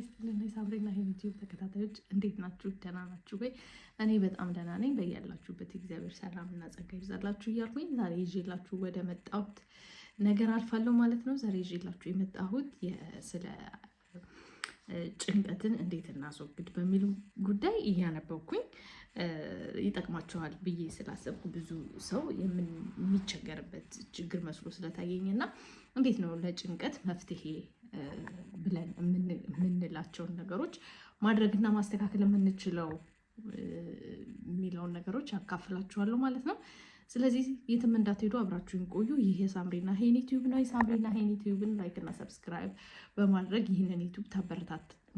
ይስጥልን የሳምሬና ዩቲዩብ ተከታታዮች እንዴት ናችሁ? ደህና ናችሁ ወይ? እኔ በጣም ደህና ነኝ። በያላችሁበት እግዚአብሔር ሰላም እና ጸጋ ይብዛላችሁ እያልኩኝ ዛሬ ይዤላችሁ ወደ መጣሁት ነገር አልፋለሁ ማለት ነው። ዛሬ ይዤላችሁ የመጣሁት ስለ ጭንቀትን እንዴት እናስወግድ በሚል ጉዳይ እያነበብኩኝ ይጠቅማቸዋል ብዬ ስላሰብኩ ብዙ ሰው የሚቸገርበት ችግር መስሎ ስለታየኝ እና እንዴት ነው ለጭንቀት መፍትሄ ብለን የምንላቸውን ነገሮች ማድረግና ማስተካከል የምንችለው የሚለውን ነገሮች ያካፍላችኋለሁ ማለት ነው። ስለዚህ የትም እንዳትሄዱ አብራችሁን ቆዩ። ይህ የሳምሪና ሄን ቲዩብ ነው። የሳምሪና ሄኒ ላይክ ላይክና ሰብስክራይብ በማድረግ ይህንን ዩቱብ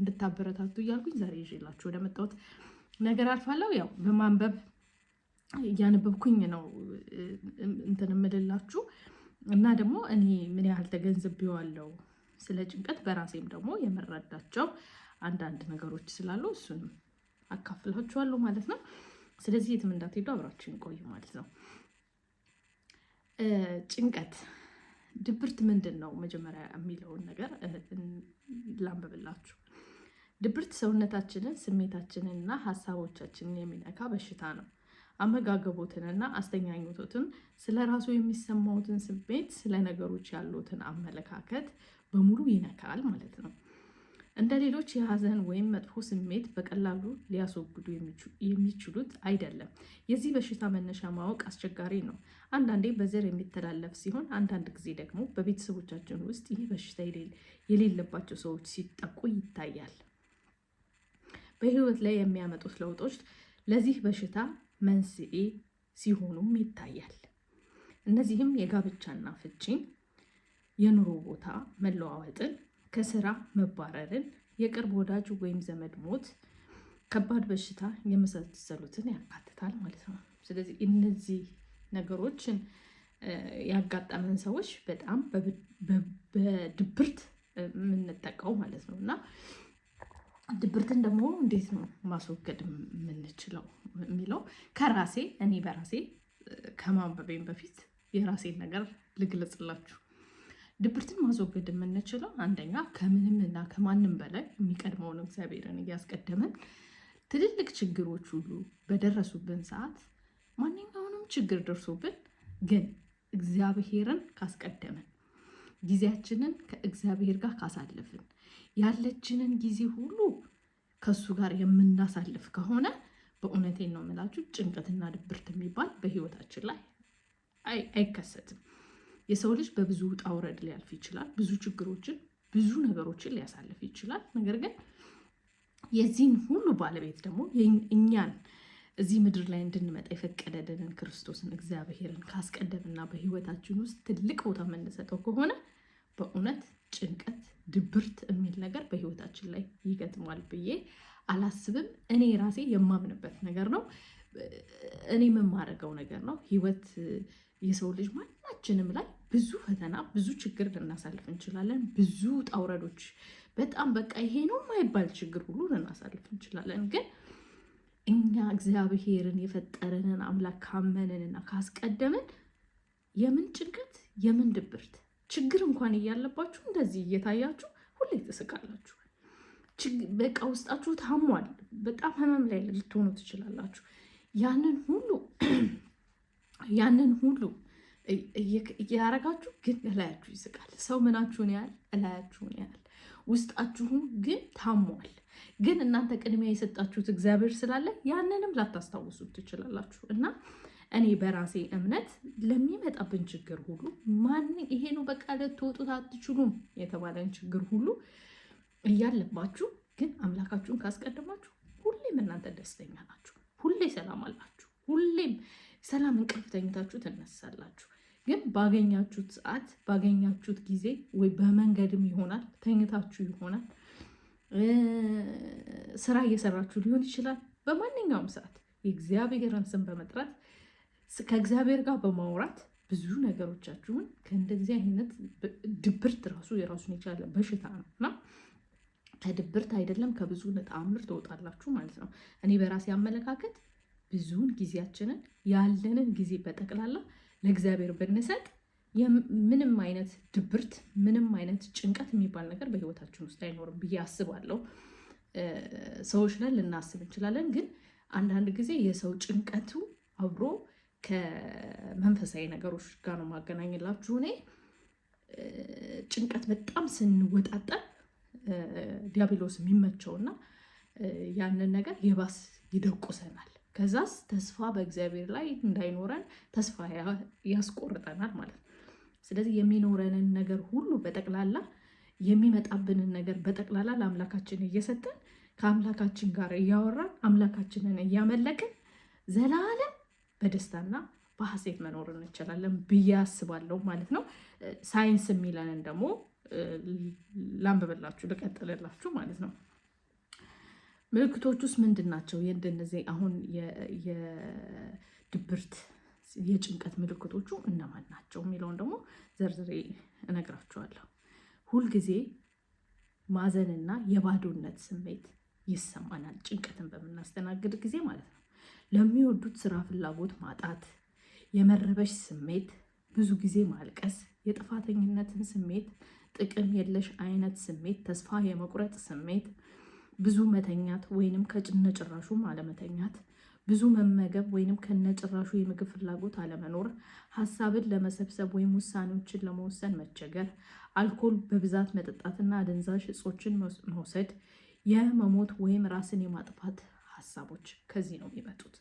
እንድታበረታቱ እያልኩኝ ዛሬ ይዤላችሁ ወደ መጣሁት ነገር አልፋለሁ። ያው በማንበብ እያነበብኩኝ ነው እንትን እምልላችሁ እና ደግሞ እኔ ምን ያህል ተገንዝቤዋለሁ ስለ ጭንቀት በራሴም ደግሞ የምረዳቸው አንዳንድ ነገሮች ስላሉ እሱንም አካፍላችኋለሁ ማለት ነው። ስለዚህ የትም እንዳትሄዱ አብራችሁን ቆዩ ማለት ነው። ጭንቀት ድብርት ምንድን ነው መጀመሪያ የሚለውን ነገር ላንብብላችሁ። ድብርት ሰውነታችንን፣ ስሜታችንንና ሀሳቦቻችንን የሚነካ በሽታ ነው። አመጋገቦትንና አስተኛኞቶትን፣ ስለ ራሱ የሚሰማውትን ስሜት፣ ስለ ነገሮች ያሉትን አመለካከት፣ በሙሉ ይነካል ማለት ነው። እንደ ሌሎች የሀዘን ወይም መጥፎ ስሜት በቀላሉ ሊያስወግዱ የሚችሉት አይደለም። የዚህ በሽታ መነሻ ማወቅ አስቸጋሪ ነው። አንዳንዴ በዘር የሚተላለፍ ሲሆን፣ አንዳንድ ጊዜ ደግሞ በቤተሰቦቻችን ውስጥ ይህ በሽታ የሌለባቸው ሰዎች ሲጠቁ ይታያል። በህይወት ላይ የሚያመጡት ለውጦች ለዚህ በሽታ መንስኤ ሲሆኑም ይታያል። እነዚህም የጋብቻና ፍቺን የኑሮ ቦታ መለዋወጥን፣ ከስራ መባረርን፣ የቅርብ ወዳጅ ወይም ዘመድ ሞት፣ ከባድ በሽታ የመሳሰሉትን ያካትታል ማለት ነው። ስለዚህ እነዚህ ነገሮችን ያጋጠመን ሰዎች በጣም በድብርት የምንጠቀው ማለት ነው እና ድብርትን ደግሞ እንዴት ነው ማስወገድ የምንችለው የሚለው ከራሴ እኔ በራሴ ከማንበቤን በፊት የራሴን ነገር ልግለጽላችሁ። ድብርትን ማስወገድ የምንችለው አንደኛ ከምንም እና ከማንም በላይ የሚቀድመውን እግዚአብሔርን እያስቀደምን ትልልቅ ችግሮች ሁሉ በደረሱብን ሰዓት ማንኛውንም ችግር ደርሶብን ግን እግዚአብሔርን ካስቀደምን ጊዜያችንን ከእግዚአብሔር ጋር ካሳለፍን ያለችንን ጊዜ ሁሉ ከእሱ ጋር የምናሳልፍ ከሆነ በእውነቴን ነው የምላችሁ ጭንቀትና ድብርት የሚባል በህይወታችን ላይ አይከሰትም። የሰው ልጅ በብዙ ውጣ ውረድ ሊያልፍ ይችላል። ብዙ ችግሮችን፣ ብዙ ነገሮችን ሊያሳልፍ ይችላል። ነገር ግን የዚህን ሁሉ ባለቤት ደግሞ እኛን እዚህ ምድር ላይ እንድንመጣ የፈቀደልንን ክርስቶስን እግዚአብሔርን ካስቀደምና በህይወታችን ውስጥ ትልቅ ቦታ የምንሰጠው ከሆነ በእውነት ጭንቀት፣ ድብርት የሚል ነገር በህይወታችን ላይ ይገጥማል ብዬ አላስብም። እኔ ራሴ የማምንበት ነገር ነው። እኔ የምማረገው ነገር ነው። ህይወት የሰው ልጅ ማናችንም ላይ ብዙ ፈተና፣ ብዙ ችግር ልናሳልፍ እንችላለን። ብዙ ጣውረዶች በጣም በቃ ይሄ ነው የማይባል ችግር ሁሉ ልናሳልፍ እንችላለን። ግን እኛ እግዚአብሔርን የፈጠረንን አምላክ ካመንንና ካስቀደምን የምን ጭንቀት የምን ድብርት ችግር እንኳን እያለባችሁ እንደዚህ እየታያችሁ ሁሌ ትስቃላችሁ። በቃ ውስጣችሁ ታሟል። በጣም ህመም ላይ ልትሆኑ ትችላላችሁ። ያንን ሁሉ ያንን ሁሉ እያረጋችሁ ግን እላያችሁ ይስቃል። ሰው ምናችሁን ያህል እላያችሁን ያህል ውስጣችሁም ግን ታሟል። ግን እናንተ ቅድሚያ የሰጣችሁት እግዚአብሔር ስላለ ያንንም ላታስታውሱት ትችላላችሁ። እና እኔ በራሴ እምነት ለሚመጣብን ችግር ሁሉ ማን ይሄ ነው በቃ ልትወጡት አትችሉም የተባለን ችግር ሁሉ እያለባችሁ ግን አምላካችሁን ካስቀድማችሁ ሁሌም እናንተ ደስተኛ ናችሁ። ሁሌ ሰላም አላችሁ። ሁሌም ሰላም እንቅልፍ ተኝታችሁ ትነሳላችሁ። ግን ባገኛችሁት ሰዓት ባገኛችሁት ጊዜ ወይ በመንገድም ይሆናል ተኝታችሁ ይሆናል ስራ እየሰራችሁ ሊሆን ይችላል። በማንኛውም ሰዓት የእግዚአብሔርን ስም በመጥራት ከእግዚአብሔር ጋር በማውራት ብዙ ነገሮቻችሁን ከእንደዚህ አይነት ድብርት ራሱ የራሱን የቻለ በሽታ ነው እና ከድብርት አይደለም ከብዙ ተአምር ትወጣላችሁ ማለት ነው። እኔ በራሴ አመለካከት ብዙውን ጊዜያችንን ያለንን ጊዜ በጠቅላላ ለእግዚአብሔር ብንሰጥ ምንም አይነት ድብርት፣ ምንም አይነት ጭንቀት የሚባል ነገር በህይወታችን ውስጥ አይኖርም ብዬ አስባለሁ። ሰዎች ላይ ልናስብ እንችላለን፣ ግን አንዳንድ ጊዜ የሰው ጭንቀቱ አብሮ ከመንፈሳዊ ነገሮች ጋር ነው ማገናኝላችሁ። እኔ ጭንቀት በጣም ስንወጣጠር ዲያብሎስ የሚመቸውና ያንን ነገር የባስ ይደቁሰናል። ከዛስ ተስፋ በእግዚአብሔር ላይ እንዳይኖረን ተስፋ ያስቆርጠናል ማለት ነው። ስለዚህ የሚኖረንን ነገር ሁሉ በጠቅላላ የሚመጣብንን ነገር በጠቅላላ ለአምላካችን እየሰጠን ከአምላካችን ጋር እያወራን አምላካችንን እያመለክን ዘላለም በደስታና በሐሴት መኖር እንችላለን ብዬ አስባለሁ ማለት ነው። ሳይንስ የሚለንን ደግሞ ላንብብላችሁ ልቀጥልላችሁ ማለት ነው። ምልክቶች ውስጥ ምንድን ናቸው? የእንደነዚህ አሁን የድብርት የጭንቀት ምልክቶቹ እነማን ናቸው የሚለውን ደግሞ ዘርዝሬ እነግራችኋለሁ። ሁልጊዜ ማዘንና የባዶነት ስሜት ይሰማናል፣ ጭንቀትን በምናስተናግድ ጊዜ ማለት ነው። ለሚወዱት ስራ ፍላጎት ማጣት፣ የመረበሽ ስሜት፣ ብዙ ጊዜ ማልቀስ፣ የጥፋተኝነትን ስሜት፣ ጥቅም የለሽ አይነት ስሜት፣ ተስፋ የመቁረጥ ስሜት ብዙ መተኛት ወይንም ከነጭራሹም አለመተኛት፣ ብዙ መመገብ ወይንም ከነጭራሹ የምግብ ፍላጎት አለመኖር፣ ሀሳብን ለመሰብሰብ ወይም ውሳኔዎችን ለመወሰን መቸገር፣ አልኮል በብዛት መጠጣትና አደንዛዥ እጾችን መውሰድ፣ የመሞት ወይም ራስን የማጥፋት ሀሳቦች ከዚህ ነው የሚመጡት።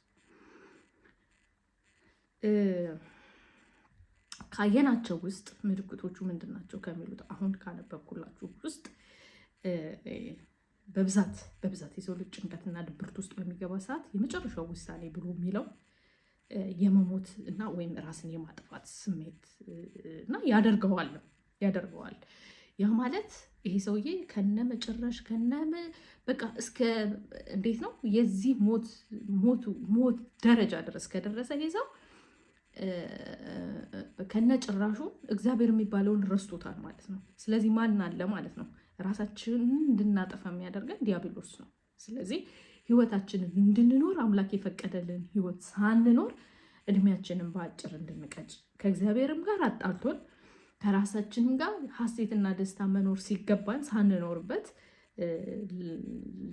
ካየናቸው ውስጥ ምልክቶቹ ምንድን ናቸው ከሚሉት አሁን ካነበብኩላችሁ ውስጥ በብዛት በብዛት የሰው ልጅ ጭንቀትና ድብርት ውስጥ በሚገባ ሰዓት የመጨረሻው ውሳኔ ብሎ የሚለው የመሞት እና ወይም ራስን የማጥፋት ስሜት እና ያደርገዋል ያደርገዋል። ያ ማለት ይሄ ሰውዬ ከነ መጨረሽ ከነ በቃ እስከ እንዴት ነው የዚህ ሞት ሞቱ ሞት ደረጃ ድረስ ከደረሰ ይሄ ሰው ከነ ጭራሹ እግዚአብሔር የሚባለውን ረስቶታል ማለት ነው። ስለዚህ ማን አለ ማለት ነው ራሳችንን እንድናጠፋ የሚያደርገን ዲያብሎስ ነው። ስለዚህ ህይወታችንን እንድንኖር አምላክ የፈቀደልን ህይወት ሳንኖር እድሜያችንን በአጭር እንድንቀጭ ከእግዚአብሔርም ጋር አጣልቶን ከራሳችንም ጋር ሀሴትና ደስታ መኖር ሲገባን ሳንኖርበት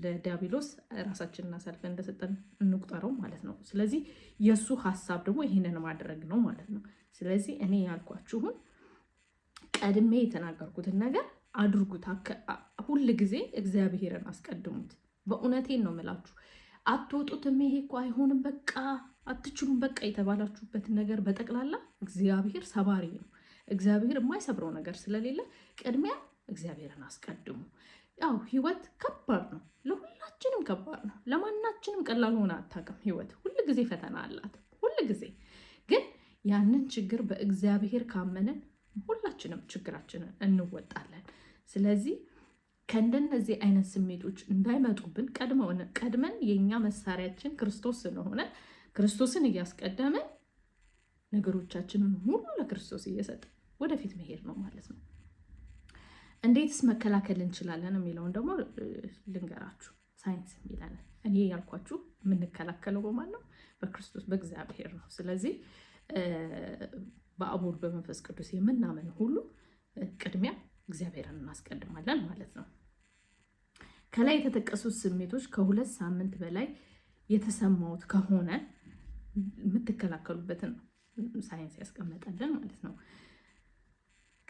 ለዲያብሎስ ራሳችንን አሳልፈን እንደሰጠን እንቁጠረው ማለት ነው። ስለዚህ የእሱ ሀሳብ ደግሞ ይህንን ማድረግ ነው ማለት ነው። ስለዚህ እኔ ያልኳችሁን ቀድሜ የተናገርኩትን ነገር አድርጉት። ሁል ጊዜ እግዚአብሔርን አስቀድሙት። በእውነቴን ነው ምላችሁ። አትወጡትም። ይሄ እኮ አይሆንም፣ በቃ አትችሉም፣ በቃ የተባላችሁበትን ነገር በጠቅላላ እግዚአብሔር ሰባሪ ነው። እግዚአብሔር የማይሰብረው ነገር ስለሌለ ቅድሚያ እግዚአብሔርን አስቀድሙ። ያው ህይወት ከባድ ነው፣ ለሁላችንም ከባድ ነው። ለማናችንም ቀላል ሆነ አታውቅም። ህይወት ሁል ጊዜ ፈተና አላት፣ ሁል ጊዜ ግን ያንን ችግር በእግዚአብሔር ካመንን ሁላችንም ችግራችንን እንወጣለን። ስለዚህ ከእንደነዚህ አይነት ስሜቶች እንዳይመጡብን ቀድመን የእኛ መሳሪያችን ክርስቶስ ስለሆነ ክርስቶስን እያስቀደምን ነገሮቻችንን ሁሉ ለክርስቶስ እየሰጠ ወደፊት መሄድ ነው ማለት ነው። እንዴትስ መከላከል እንችላለን የሚለውን ደግሞ ልንገራችሁ። ሳይንስ የሚለን እኔ ያልኳችሁ የምንከላከለው በማን ነው? በክርስቶስ በእግዚአብሔር ነው። ስለዚህ በአቡር በመንፈስ ቅዱስ የምናምን ሁሉ ቅድሚያ እግዚአብሔርን እናስቀድማለን ማለት ነው። ከላይ የተጠቀሱት ስሜቶች ከሁለት ሳምንት በላይ የተሰማውት ከሆነ የምትከላከሉበትን ሳይንስ ያስቀመጠልን ማለት ነው።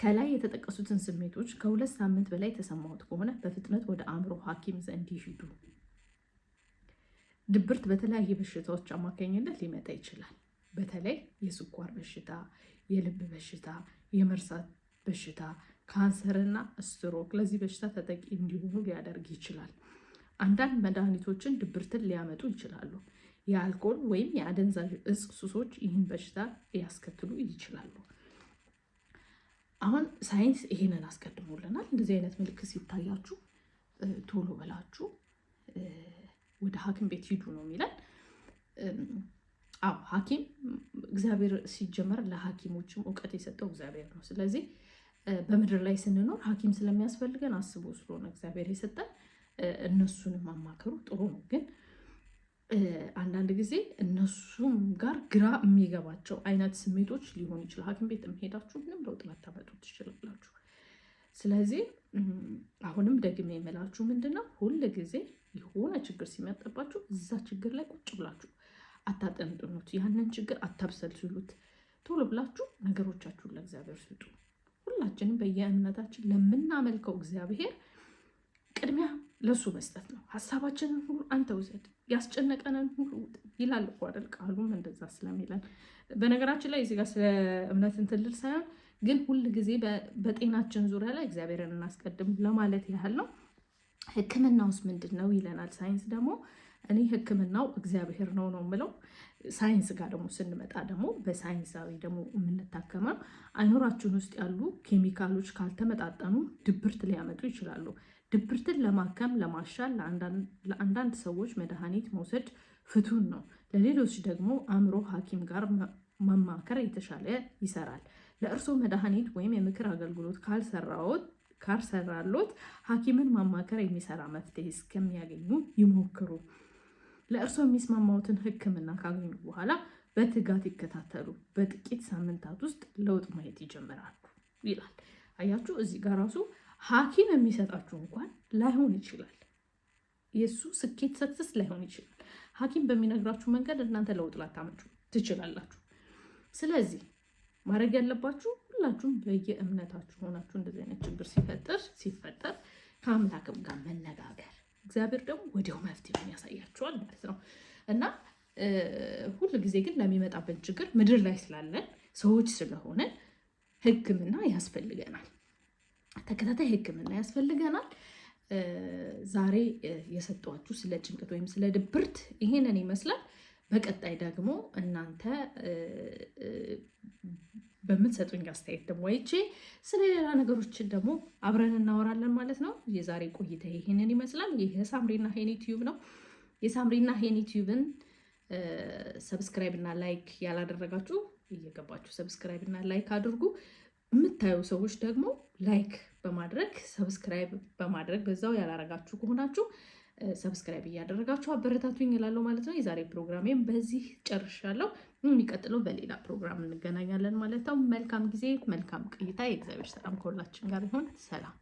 ከላይ የተጠቀሱትን ስሜቶች ከሁለት ሳምንት በላይ የተሰማውት ከሆነ በፍጥነት ወደ አእምሮ ሐኪም ዘንድ ይሂዱ። ድብርት በተለያየ በሽታዎች አማካኝነት ሊመጣ ይችላል። በተለይ የስኳር በሽታ፣ የልብ በሽታ፣ የመርሳት በሽታ ካንሰርና ስትሮክ ለዚህ በሽታ ተጠቂ እንዲሆኑ ሊያደርግ ይችላል። አንዳንድ መድኃኒቶችን ድብርትን ሊያመጡ ይችላሉ። የአልኮል ወይም የአደንዛዥ እጽ ሱሶች ይህን በሽታ ሊያስከትሉ ይችላሉ። አሁን ሳይንስ ይሄንን አስቀድሞልናል። እንደዚህ አይነት ምልክት ሲታያችሁ ቶሎ ብላችሁ ወደ ሐኪም ቤት ሂዱ ነው የሚለን። አዎ ሐኪም እግዚአብሔር ሲጀመር ለሐኪሞችም እውቀት የሰጠው እግዚአብሔር ነው። ስለዚህ በምድር ላይ ስንኖር ሐኪም ስለሚያስፈልገን አስቦ ስለሆነ እግዚአብሔር የሰጠን እነሱንም ማማከሩ ጥሩ ነው። ግን አንዳንድ ጊዜ እነሱም ጋር ግራ የሚገባቸው አይነት ስሜቶች ሊሆን ይችላል። ሐኪም ቤት የምሄዳችሁ ምንም ለውጥ መታመጡ ትችላላችሁ። ስለዚህ አሁንም ደግሜ የምላችሁ ምንድን ነው ሁል ጊዜ የሆነ ችግር ሲመጣባችሁ እዛ ችግር ላይ ቁጭ ብላችሁ አታጠንጥኑት። ያንን ችግር አታብሰልስሉት። ቶሎ ብላችሁ ነገሮቻችሁን ለእግዚአብሔር ስጡ። ሁላችንም በየእምነታችን ለምናመልከው እግዚአብሔር ቅድሚያ ለሱ መስጠት ነው። ሀሳባችንን ሁሉ አንተ ውሰድ፣ ያስጨነቀንን ሁሉ ይላል እኮ አይደል? ቃሉም እንደዛ ስለሚለን በነገራችን ላይ እዚህ ስለ እምነት ትልል ሳይሆን ግን ሁል ጊዜ በጤናችን ዙሪያ ላይ እግዚአብሔርን እናስቀድም ለማለት ያህል ነው። ሕክምናውስ ምንድን ነው ይለናል ሳይንስ ደግሞ። እኔ ሕክምናው እግዚአብሔር ነው ነው የምለው። ሳይንስ ጋር ደግሞ ስንመጣ ደግሞ በሳይንሳዊ ደግሞ የምንታከመው አይኖራችን ውስጥ ያሉ ኬሚካሎች ካልተመጣጠኑ ድብርት ሊያመጡ ይችላሉ። ድብርትን ለማከም ለማሻል ለአንዳንድ ሰዎች መድኃኒት መውሰድ ፍቱን ነው። ለሌሎች ደግሞ አእምሮ ሐኪም ጋር መማከር የተሻለ ይሰራል። ለእርስዎ መድኃኒት ወይም የምክር አገልግሎት ካልሰራሎት ሐኪምን ማማከር የሚሰራ መፍትሄ እስከሚያገኙ ይሞክሩ። ለእርስዎ የሚስማማውትን ሕክምና ካገኙ በኋላ በትጋት ይከታተሉ። በጥቂት ሳምንታት ውስጥ ለውጥ ማየት ይጀምራሉ ይላል። አያችሁ፣ እዚህ ጋር ራሱ ሐኪም የሚሰጣችሁ እንኳን ላይሆን ይችላል። የእሱ ስኬት ሰክሰስ ላይሆን ይችላል። ሐኪም በሚነግራችሁ መንገድ እናንተ ለውጥ ላታመጩ ትችላላችሁ። ስለዚህ ማድረግ ያለባችሁ ሁላችሁም በየእምነታችሁ ሆናችሁ እንደዚህ አይነት ችግር ሲፈጠር ሲፈጠር ከአምላክም ጋር መነጋገር እግዚአብሔር ደግሞ ወዲያው መፍትሄውን ያሳያቸዋል ማለት ነው እና ሁሉ ጊዜ ግን ለሚመጣበት ችግር ምድር ላይ ስላለን ሰዎች ስለሆነ ሕክምና ያስፈልገናል። ተከታታይ ሕክምና ያስፈልገናል። ዛሬ የሰጧችሁ ስለ ጭንቀት ወይም ስለ ድብርት ይሄንን ይመስላል። በቀጣይ ደግሞ እናንተ በምትሰጡኝ አስተያየት ደግሞ አይቼ ስለሌላ ነገሮችን ደግሞ አብረን እናወራለን ማለት ነው። የዛሬ ቆይታ ይሄንን ይመስላል። ይህ ሳምሪና ሄኒ ነው። የሳምሪና ሄኒ ቲዩብን ሰብስክራይብ እና ላይክ ያላደረጋችሁ እየገባችሁ ሰብስክራይብ እና ላይክ አድርጉ። የምታዩ ሰዎች ደግሞ ላይክ በማድረግ ሰብስክራይብ በማድረግ በዛው ያላረጋችሁ ከሆናችሁ ሰብስክራይብ እያደረጋችሁ አበረታቱኝ እላለሁ ማለት ነው። የዛሬ ፕሮግራሜም በዚህ ጨርሻለሁ። የሚቀጥለው በሌላ ፕሮግራም እንገናኛለን ማለት ነው። መልካም ጊዜ፣ መልካም ቆይታ። የእግዚአብሔር ሰላም ከሁላችን ጋር ይሁን። ሰላም